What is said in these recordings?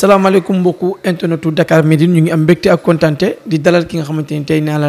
salaamaaleykum mbokku internetu Dakar Midi ñu ngi am mbégte ak kontaante di dalal ki nga xamante ni tey naa la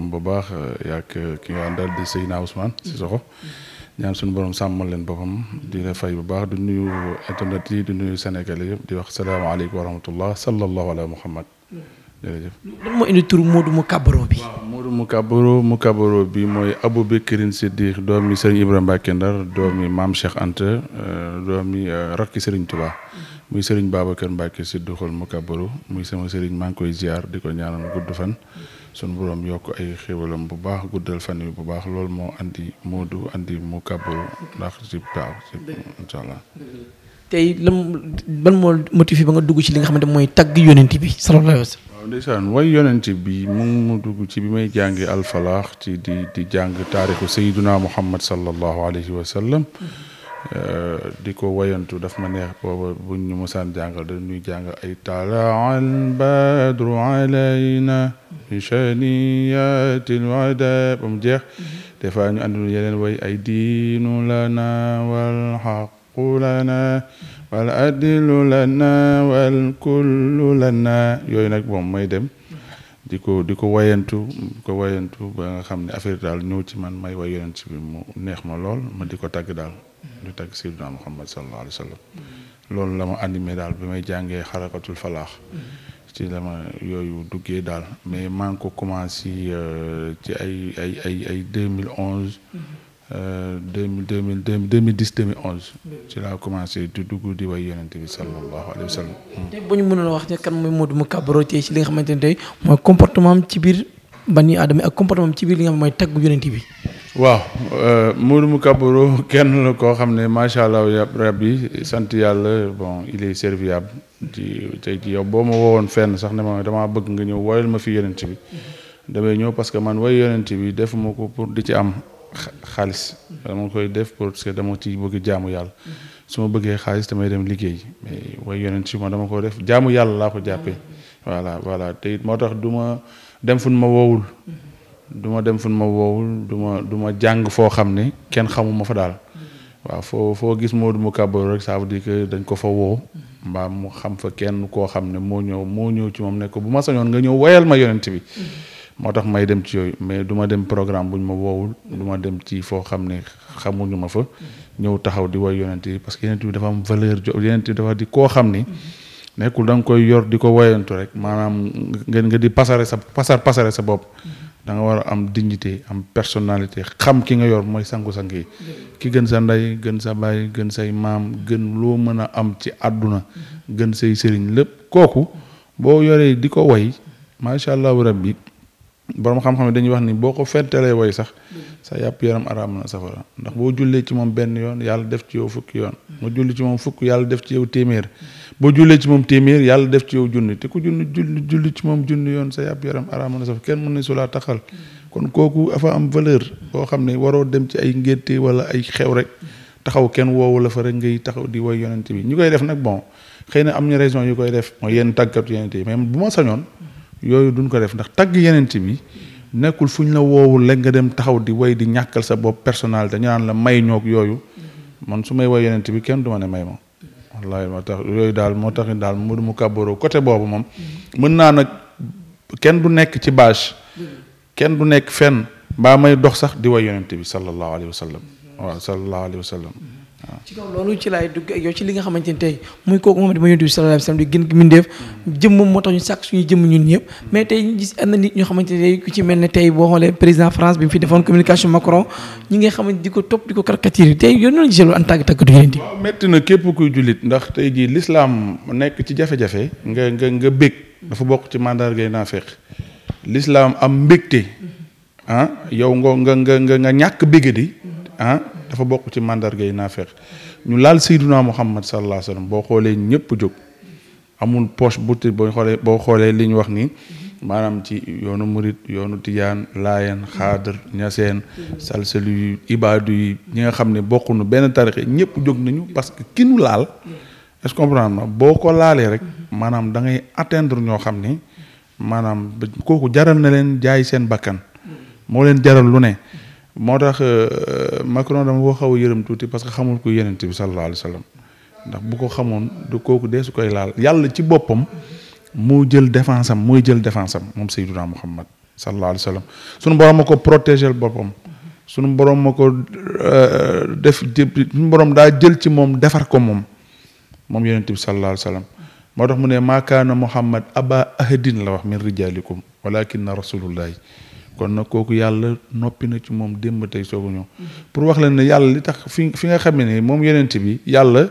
boppam bu baax euh, yaak ki nga àndal di Seydina Ousmane Cissokho ñaan suñu boroom sàmmal leen boppam di la fay bu baax di nuyu internet yi di nuyu yëpp di wax salaamaaleykum wa rahmatullah sallallahu ala muhammad jërëjëf. lan moo indi tur Modou Moukabaro bi. waaw Modou Moukabaro Moukabaro bi mooy Aboubacrine Siddiq doomi Serigne Ibrahima Mbacké Ndar doomi maam Cheikh Anta euh, doomi euh, rakki Serigne Touba. muy Serigne Babacar Mbacké Siddiqul Moukabaro muy sama Serigne maa koy ziar di ko ñaanal gudd fan. sunu borom yokk ay xéwalam bu baax guddal fan yi bu baax loolu moo andi du andi mu kàbbu ndax ci taaw ci incha allah. tey lan ban moo motivé ba nga dugg ci li nga xamante mooy tagg yonent bi sallallahu alayhi wa way yonent bi mu mu dugg ci bi may jàngi alfalaax ci di di jàng taarixu Sayyiduna Muhammad sallallahu alayhi wa sallam. Mm-hmm. Euh, di ko wayantu daf ma neex booba buñ ñu mosaan jàngal dañuy jàng ay tala al mm-hmm. fois ñu àndul yeneen way ay diinu lana yooyu nag moom may dem di ko di ko wayantu ko wayantu ba xam ne affaire daal ñëw ci man may way neex ma lool ma di ko tàgg daal du tagg Seydina Muhammad sallallahu alayhi wa sallam loolu la ma animé daal bi may jàngee xarakatul falaax ci la ma yooyu duggee daal mais maa ngi ko commencé euh, ci ay ay ay ay deux mille onze euh, deux mille deux mille laa commencé di dugg di way yonent bi sallallahu alayhi wa sallam hmm. tey bu ñu mënoon wax ne kan mooy Modou Macabro tey ci li nga xamante ne tey mooy comportement ci biir bani aadama ak comportement am ci biir li nga xam mooy tagg yonent bi waaw euh, Modou Moukabaro kenn la koo xam ne macha allah rabbi sant yàlla bon il est serviable di tey jii yow boo ma wowoon fenn sax ne ma damaa bëgg nga ñëw woyal ma fi yonent bi mm-hmm. damay ñëw parce que man way yonent bi defuma ko pour di ci am xaalis dama koy def parce que dama ci bëgg jaamu yàlla mm-hmm. su ma bëggee xaalis damay dem liggéey mais way yonent bi ma dama ko def jaamu yàlla laa ko jàppee mm-hmm. voilà voilà te it moo tax du ma dem fu ma woowul du ma dem fu ma woowul du ma du jàng foo xam ne kenn xamuma fa daal waaw foo foo gis Modou Moukabaro rek ça veut dañ ko fa woo mu xam fa kenn koo xam ne moo ñëw moo ñëw ci moom ne bu ma sañoon nga ñëw woyal ma yonent moo tax may dem ci yooyu mais du dem programme bu ma woowul du ma dem ci foo xam ne xamuñu ma fa ñëw taxaw di woy yonent parce que yonent bi dafa am valeur yonent bi dafa di koo xam ni nekkul da koy yor di ko woyantu rek maanaam ngeen nga di pasare sa pasar pasare sa bopp danga war a am dignité am personnalité xam ki nga yor mooy sangu-sang yi ki gën sa ndey gën sa baay gën say maam gën loo mën a am ci àdduna gën say sëriñ lépp kooku boo yoree di ko woy macha allahu rabbi borom xam-xam dañuy wax ni boo ko fentelee woy sax sa yàpp yaram araam na safara ndax boo jullee ci moom benn yoon yàlla def ci yow fukki yoon. moo julli ci moom fukk yàlla def ci yow téeméer. boo jullee ci moom téeméer yàlla def ci yow junni te ku junni julli ci moom junni yoon sa yàpp yaram araam na saf kenn mën na su laa taxal kon kooku afa am valeur boo xam ne waroo dem ci ay ngénte wala ay xew rek taxaw kenn woowu la fa rek ngay taxaw di woy yonent bi ñu koy def nag bon xëy na am ñu raison yu koy def mooy yenn tàggatu yonent bi bu ma sañoon yooyu duñ ko def ndax tagg yonent bi nekkul fu ñu la woowul rek nga dem taxaw di way di ñàkkal sa bopp personnalité ñu la may ñoog yooyu man su may woy yonent bi kenn du ma ne may ma wallaay yooyu daal moo tax daal Modou mu kàbbaroo côté boobu moom. mën naa nag kenn du nekk ci bâche. kenn du nekk fenn mbaa may dox sax di way yonent bi sallallahu alayhi wa sallam waaw sallallahu alayhi ci kaw loolu ci laay dugg yow ci li nga xamante ni tey muy kooku moom it ma yonent bi sallallahu alayhi wasallam di gën ñun ñëpp mais tey ñu gis am na nit ñoo ne ku ci mel ne tey boo xoolee président France bi fi defoon communication Macron ñi nga xamante di ko topp di ko caricaturer tey yoon noonu gisee loolu en tant que takkatu yéen di waaw métti na képp kuy jullit ndax tey jii l'islam nekk ci jafe-jafe nga nga nga bég dafa am mbégte ah yow nga nga nga nga ñàkk bégadi ah dafa bokk ci mandarga yi naa ñu laal sayduna muhammad sallallahu alayhi wa sallam boo xoolee ñëpp jóg amul poche bu te boo xoolee boo xoolee li ñu wax ni maanaam ci yoonu murit yoonu tijaan laayeen xaadar ñaseen salsalu yi ibaadu yi ñi nga xam ne bokk nu benn tarixe ñëpp jóg nañu parce que ki nu laal est-ce boo ko laalee rek maanaam dangay ngay ñoo xam ni maanaam kooku jaral na leen jaay seen bakkan moo leen jaral lu ne moo tax euh, Macron dama ko xaw a yërëm tuuti parce que xamul ku yenent bi sallallahu alayhi wa sallam ndax bu ko xamoon du kooku dee su koy laal yàlla ci boppam mu jël défense am jël défense am moom Seydina Muhammad sallallahu alayhi wa sallam sunu borom ma ko protégel boppam sunu borom ma ko euh, def sunu borom daa jël ci moom defar ko moom moom yenent bi sallallahu alayhi wa sallam moo tax mu ne maakaana Muhammad aba ahadin la wax min rijalikum walakin na rasulullahi kon nag kooku yàlla noppi na ci moom démb tey soogu ñëw pour wax leen ne yàlla li tax fi fi nga xam ne moom yeneent bi yàlla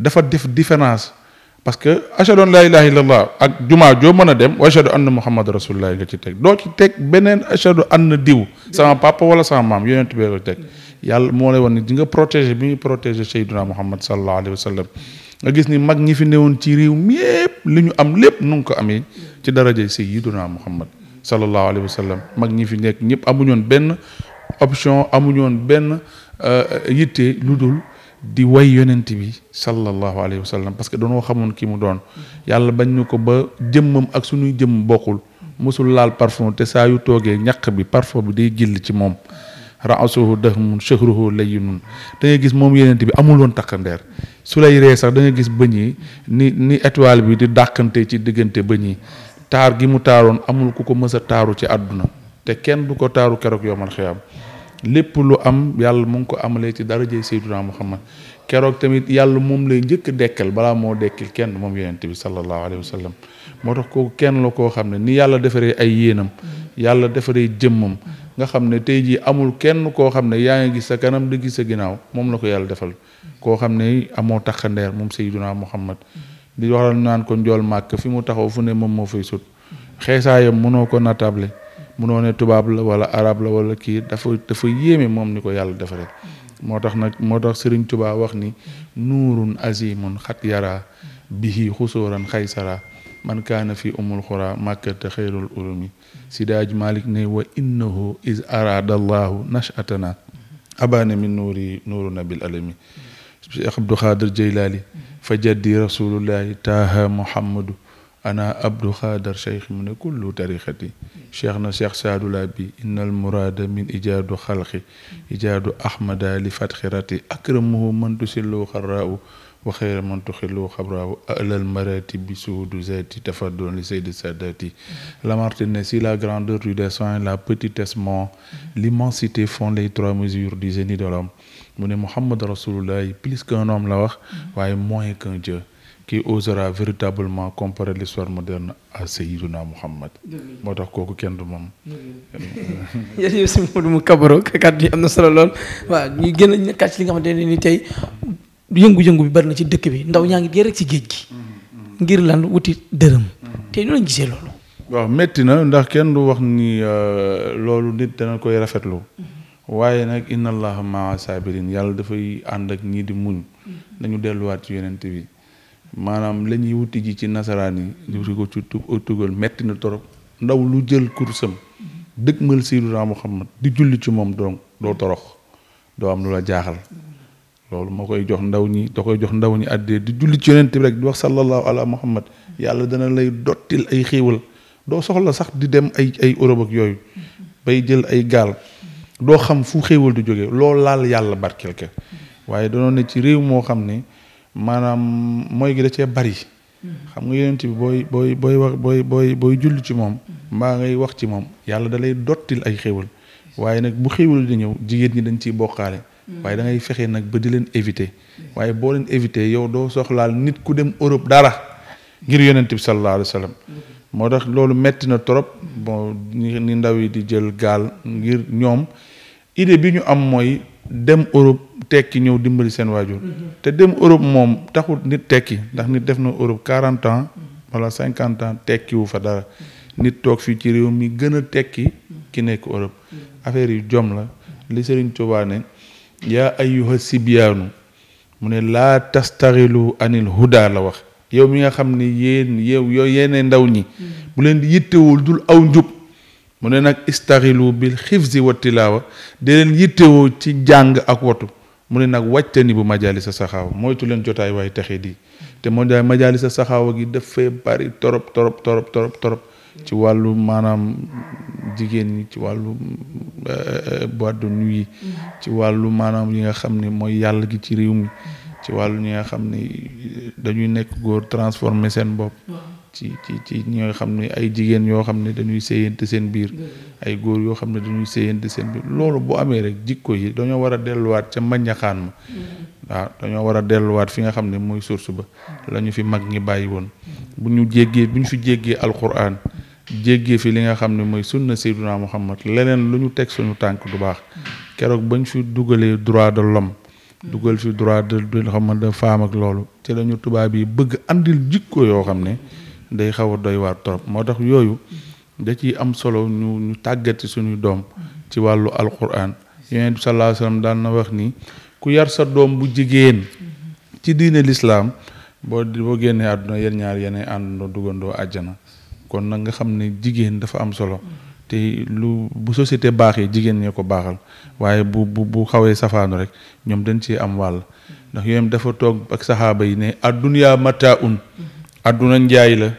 dafa def différence parce que ashadu an laa ilaha illallah ak jumaa joo mën a dem wa ashadu anna muhammad rasulullah nga ci teg doo ci teg beneen ashadu na diw sama papa wala sama maam yonent bi ko teg yàlla moo lay wan ni di nga protéger bi ñu protégé sayduna muhammad sallallahu alayhi wa sallam nga gis ni mag ñi fi woon ci réew mi yépp li ñu am lépp nu ngi ko amee ci daraje sayyiduna muhammad sallallahu alayhi wa sallam mag ñi fi nekk ñëpp amuñoon benn option amuñoon benn euh, yitte lu dul di way yonent bi sallallahu alayhi wa sallam parce que dañoo xamoon ki mu doon yàlla bañ ñu ko ba jëmmam ak suñuy jëmm bokkul mosul laal parfum te saa yu toogee ñaq bi parfum bi day gill ci moom raasuhu dahmun shahruhu layyinun da ngay gis moom yonent bi amul woon takkandeer su lay ree sax da gis bëñ yi ni ni étoile bi di dàqante ci diggante bëñ yi taar gi mu taaroon amul ku ko mës a taaru ci àdduna te kenn du ko taaru keroog yomal xiyaam lépp lu am yàlla mu ngi ko amalee ci dara darajey Seydina Muhammad keroog tamit yàlla moom lay njëkk dekkal balaa moo dekkil kenn moom yonent bi sallallahu alayhi wa sallam moo tax kooku kenn la koo xam ne nii yàlla defaree ay yéenam yàlla defaree jëmmam nga xam ne tey jii amul kenn koo xam ne yaa ngi gis sa kanam di gis sa ginnaaw moom la ko yàlla defal koo xam ne amoo taxandeer moom Seydina Muhammad di waxal naan ko njool màkk fi mu taxaw fu ne moom moo fay sut yam mënoo ko natable mënoo ne tubaab la wala arab la wala kii dafa dafa yéeme moom ni ko yàlla defaree moo tax nag moo tax Serigne Touba wax ni nuurun azimun xat yaraa bihi xusóoran xaysara man kaana fi umul xuraa màkkate xeyrul ulumi sidaaj malik ne wa innahu is arada allahu abana min nuuri nuuru nabil alami cheikh abdou xaadir jeylaali fa jaddi rasulullahi taaha muhammadu ana abdou xaadar cheikh mu kullu tarixati cheikh na cheikh saadula bi innal muraada min ijaadu xalqi ijaadu ahmada li fatxirati akramuhu mantu sillu xarraawu wa mantu xillu xabraawu alal marati bi suudu zati tafaddon li seydi sadati Lamartine si la grandeur du dessein la petitesse l'immensité font les trois mesures du génie de mu ne Muhammad Rasulullah plus qu'un homme la wax mm-hmm. waaye moins qu'un dieu qui osera véritablement comparer l'histoire moderne à Seyyiduna Muhammad moo tax kooku kenn du moom jërëjëf si Modou mu kabaro kàddu yi am na solo lool waaw ñu gën a nekkaat ci li nga xamante ne ni tey yëngu-yëngu bi bari na ci dëkk bi ndaw ñaa ngi dee rek ci géej gi mm-hmm. ngir lan wuti dërëm mm-hmm. tey ñu lañ gisee loolu waaw metti na ndax kenn du wax ni euh, loolu nit dana koy rafetlu waaye nag inna allaha maa sabirin yàlla dafay ànd ak ñii di muñ dañu mm-hmm. delluwaat ci yonent bi maanaam lañuy wuti ji ci nasaraan yi di ko ci uh, tugal metti na torop ndaw lu jël kursam mm-hmm. dëkk mal Seydina Muhammad di julli ci moom donc doo torox doo am lu la jaaxal mm-hmm. loolu moo koy jox ndaw ñi da koy jox ndaw ñi àddee di julli ci yonent bi rek di wax sallallahu ala muhammad yàlla dana lay dottil ay xéewal doo soxla sax di dem ay ay Europe ak yooyu bay jël ay gaal doo xam fu xéewal du jógee loolu laal yàlla barkeel ka waaye danoon ne ci réew moo xam ne maanaam mooy gi da cee bari xam nga yonent bi booy booy booy booy booy booy julli ci moom mbaa ngay wax ci moom yàlla da lay dottil ay xéwal waaye nag bu xéewal di ñëw jigéen ñi dañ ciy bokkaale waaye da ngay fexe nag ba di leen éviter waaye boo leen éviter yow doo soxlaal nit ku dem Europe dara ngir yonent bi sallallahu alayhi wa moo tax loolu metti na trop bon ni ndaw yi di jël gaal ngir ñoom idée bi ñu am mooy dem Europe tekki ñëw dimbali seen waajur. Mhm. te dem Europe moom taxul nit tekki ndax nit def na Europe quarante ans wala cinquante ans tekkiwu fa dara nit toog fii ci réew mi gën a tekki ki nekk Europe mhm. affaire yu jom la li Serigne Touba ne yaa ayyuha sibyaanu mu ne laa tastaxilu anil huda la wax yow mi nga xam ne yéen yow yooyu yeneen ndaw ñi mhm. bu leen yittewul dul aw njub mu ne nag istaxilu bi xifzi wa tilaawa di leen yittewoo ci jàng ak watu mu ne nag wàccani bu majalisa saxaawa moytu leen jotaay waay texe di te moo jaay majalisa saxaawa gi dafay bari torop torop torop torop torop ci wàllu maanaam jigéen ñi ci wàllu euh, boîte de yi ci wàllu maanaam yi nga xam ni mooy yàlla gi ci réew mi ci wàllu ñi nga xam ni dañuy nekk góor transformer bopp ci ci ci ñoo xam ne ay jigéen yoo xam ne dañuy séyante seen biir ay góor yoo xam ne dañuy séyante seen biir loolu bu amee rek jikko yi dañoo war a delluwaat ca mbañaxaan ma waaw dañoo war a delluwaat fi nga xam ne mooy source ba la ñu fi mag ñi bàyyi woon bu ñu jéggee bu ñu fi jéggee alquran jéggee fi li nga xam ne mooy sunna sayyiduna muhammad leneen lu ñu teg suñu tànk du baax keroog bañ fi dugalee droit de l'homme dugal fi droit de xam nga de femme ak loolu ci la tubaab yi bëgg andil jikko yoo xam ne day xaw a doy waar trop moo tax yooyu da ciy am solo ñu ñu tàggati suñu doom ci wàllu alquran yonent bi sallallahu alayhi na wax ni ku yar sa doom bu jigéen ci diine lislaam boo boo génnee àdduna yéen ñaar yeneen àndandoo duggandoo àjjana kon nag nga xam ne jigéen dafa am solo te lu bu société baaxee jigéen ñee ko baaxal waaye bu bu xawee safaanu rek ñoom dañ ci am wàll ndax yooyu dafa toog ak saxaaba yi ne àdduna mataa un àdduna njaay la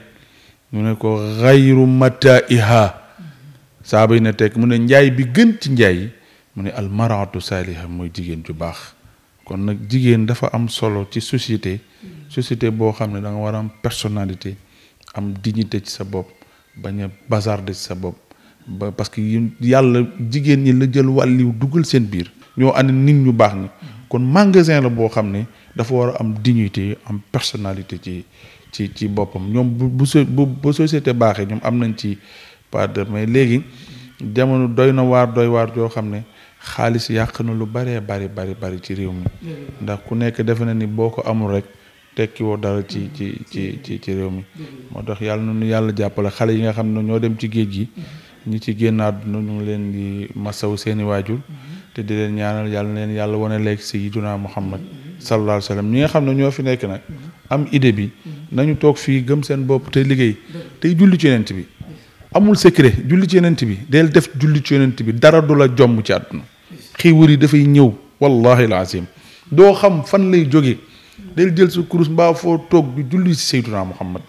mu ne ko xayru mataiha saaba yi na tekk mu ne njaay bi gën ci njaay mu ne almaratu saaliha mooy jigéen ju baax kon nag jigéen dafa am solo ci société société boo xam ne danga war a am personnalité am dignité ci sa bopp ba a bazarder ci sa bopp ba parce que yàlla jigéen ñi la jël wàlliw dugal seen biir ñoo ànd nit ñu baax ni kon magasin la boo xam ne dafa war a am dignité am personnalité ci ci ci boppam ñoom bu bu bu bu société baaxee ñoom am nañ ci part de mais léegi jamono doy na waar doy waar joo xam ne xaalis yàq na lu baree bari bari bari ci réew mi ndax ku nekk defe na ni boo ko amul rek tekki woo ci ci ci ci ci réew mi moo tax yàlla na nu yàlla jàppale xale yi nga xam ne ñoo dem ci géej gi ñu ci génn àdduna ñu leen di masaw seeni waajur te di leen ñaanal yàlla na leen yàlla wane léegi sayyiduna Muhammad sallallahu alayhi wa sallam ñi nga xam ne ñoo fi nekk nag am idée bi nañu toog fii gëm seen bopp tey liggéey tey julli ci yonent bi amul secret julli ci yonent bi del def julli ci yonent bi dara du la jomm ci àdduna xiiwar yi dafay ñëw wallahi alazim doo xam fan lay jóge del jël sa kurus mbaa foo toog di julli ci Seydunaa Muhammad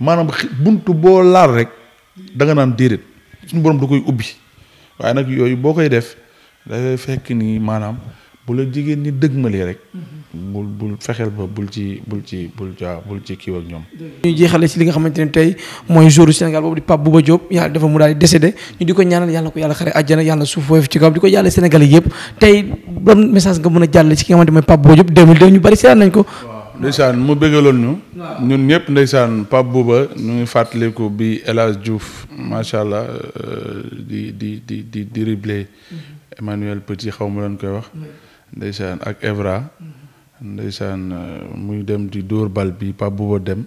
maanaam bunt boo laal rek danga naan déedéet suñu borom du koy ubbi waaye nag yooyu boo koy def dafay fekk ni maanaam bu la jigéen ñi dëgmalee rek. Mm-hmm. bul bul fexeel ba bul ci bul ci bul ci bul ci kiiw ak ñoom. ñu jeexale ci li nga xamante ne tey mooy jour Sénégal boobu di Pape Bouba Diop yàlla dafa mu daal di décédé ñu di ko ñaanal yàlla ko yàlla xare àjjana yàlla suuf woyof ci kaw di ko yàlla Sénégal yëpp tey ban message nga mën a jàll ci ki nga xamante mooy Pape Bouba Diop 2002 ñu bari seetaan nañ ko. ndeysaan mu bégaloon ñu. ñun ñëpp ndeysaan Pape Bouba ñu ngi fàttaliku bi El Hadj macha allah euh, di di di di dribbler mm-hmm. Emmanuel Petit xaw ma leen koy wax ndeysaan ak Evra ndeysaan euh, muy dem di dóor bal bi pa buba dem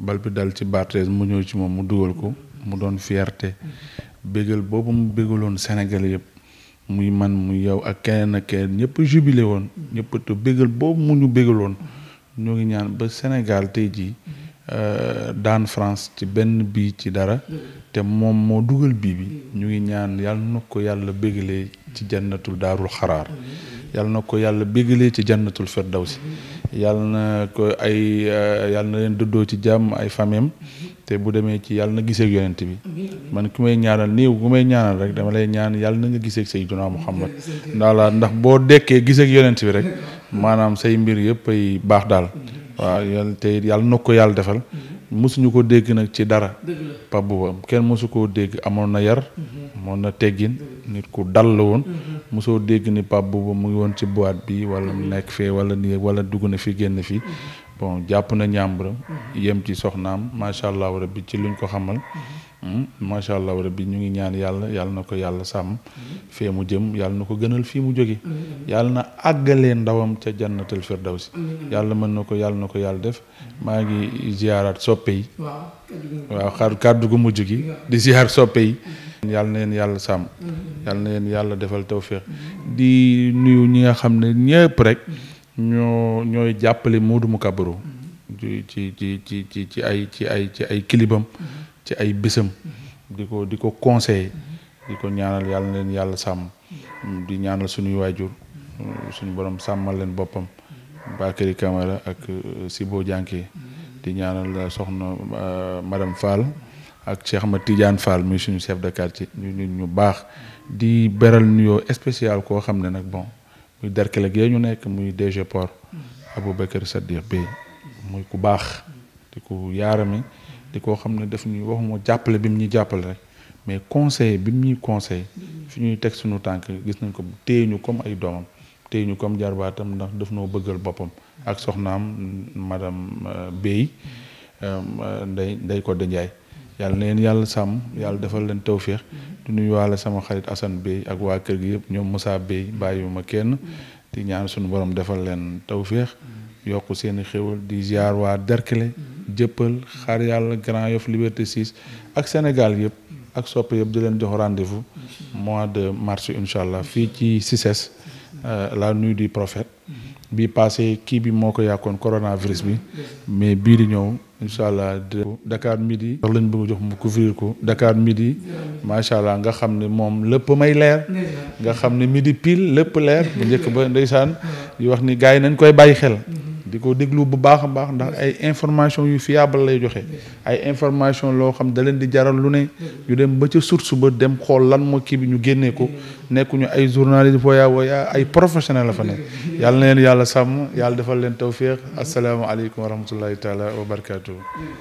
bal bi dal ci Barthez mu ñëw ci moom mu dugal ko mu doon fierté bégal boobu mu bégaloon Sénégal yëpp muy man mu yow ak keneen ak keneen ñëpp jubilé woon ñëpp te bégal boobu mu ñu bégaloon ñoo ngi ñaan ba Sénégal tey jii euh, daan France ci benn bii ci dara te moom moo dugal bii bi ñu ngi ñaan yàlla na ko yàlla bégalee ci jannatul daarul xaraar yàlla na ko yàlla bégalee ci jannatul si yàlla na ko ay euh, yàlla na leen dëddoo ci jàmm ay famem te bu demee ci yàlla na giseeg yonent bi man ku may ñaanal niiw bu may ñaanal rek dama lay ñaan yàlla na nga giseeg Sayyiduna Muhammad ndaala ndax boo dekkee giseek yonent bi rek maanaam say mbir yëpp ay baax daal waaw te yàlla na ko yàlla defal mosuñu ko dégg nag ci dara Pape Bouba kenn mosu koo dégg amoon na yar mhm. amoon na teggin nit ku dal la woon mhm. mosoo dégg ni Pape Bouba mu ngi woon ci boîte bi wala mu nekk fee wala nii wala dugg na fi génn fi mhm. bon jàpp na ñàmbra yem ci soxnaam macha allah rabbi ci luñ ko xamal Hmm, macha allah rabbi ñu ngi ñaan yàlla yàlla na ko yàlla sàmm. fee mu jëm yàlla na ko gënal fii mu jóge yàlla na àggalee ndawam ca jannatul firdawsi yàlla mën na ko yàlla na ko yàlla def maa ngi ziyaaraat soppe yi. waaw kàddu gu mujj gi di ziyaar soppe yi. yàlla na leen yàlla sàmm. yàlla na yàlla defal tawféex di nuyu ñi nga xam ne ñëpp rek. ñoo ñooy jàppale Modou Moukabarou. ci ci ci ci ci ay ci ay ci ay kilibam. ci ay bisam di ko di ko conseiller di ko ñaanal yàlla na leen yàlla sàmm di ñaanal suñuy waajur suñu borom sàmmal leen boppam Bakary Camara ak euh, Sibo Dianké di ñaanal euh, soxna euh, madame Fall ak Cheikh ma Tidiane Fall muy suñu chef de quartier ñu nit ñu baax di beral nuyoo spécial koo xam ne nag bon muy derkele gi ñu nekk muy DG Port Aboubacar Sadikh Bey muy ku baax di ku yaarami di koo xam ne daf ñuy waxuma jàppale bi mu ñuy jàppale rek mais conseil bi mu ñuy conseil fi ñuy teg suñu tànk gis nañ ko téye ñu comme ay doomam téye ñu comme jarbaatam ndax daf noo bëggal boppam ak soxnaam madame euh, Bey euh, nday nday ko Ndiaye yàlla na yàlla sàmm yàlla defal leen tawféex du nuyuwaale sama xarit Assane Bey ak waa kër gi yëpp ñoom mosaa Moussa Bey ma kenn di ñaan suñu borom defal leen tawféex yokk seen i di ziar waa Derkele jëppal xaar yàlla Grand Yoff Liberté 6 ak Sénégal yëpp ak soppe yëpp di leen jox rendez mois de mars incha allah fii ci CICES euh, la nuit du prophète bi passé kii bi moo ko yàkkoon coronavirus bi mais bii di ñëw incha allah Dakar midi wax lañ bëgg jox mu couvrir ko Dakar midi macha allah nga xam ne moom lépp may leer nga xam ne midi pile lépp leer bu njëkk ba ndeysaan yi wax ni gars yi nañ koy bàyyi xel di ko déglu bu baax a baax ndax ay information yu fiable lay joxe ay information loo xam da leen di jaral lu ne ñu dem ba ca source ba dem xool lan moo kii bi ñu génnee ko nekkuñu ay journaliste voya voya ay professionnel la fa nekk yàlla na leen yàlla sàmm yàlla defal leen tawfiq asalaamaaleykum wa rahmatullahi taala wa barakaatu.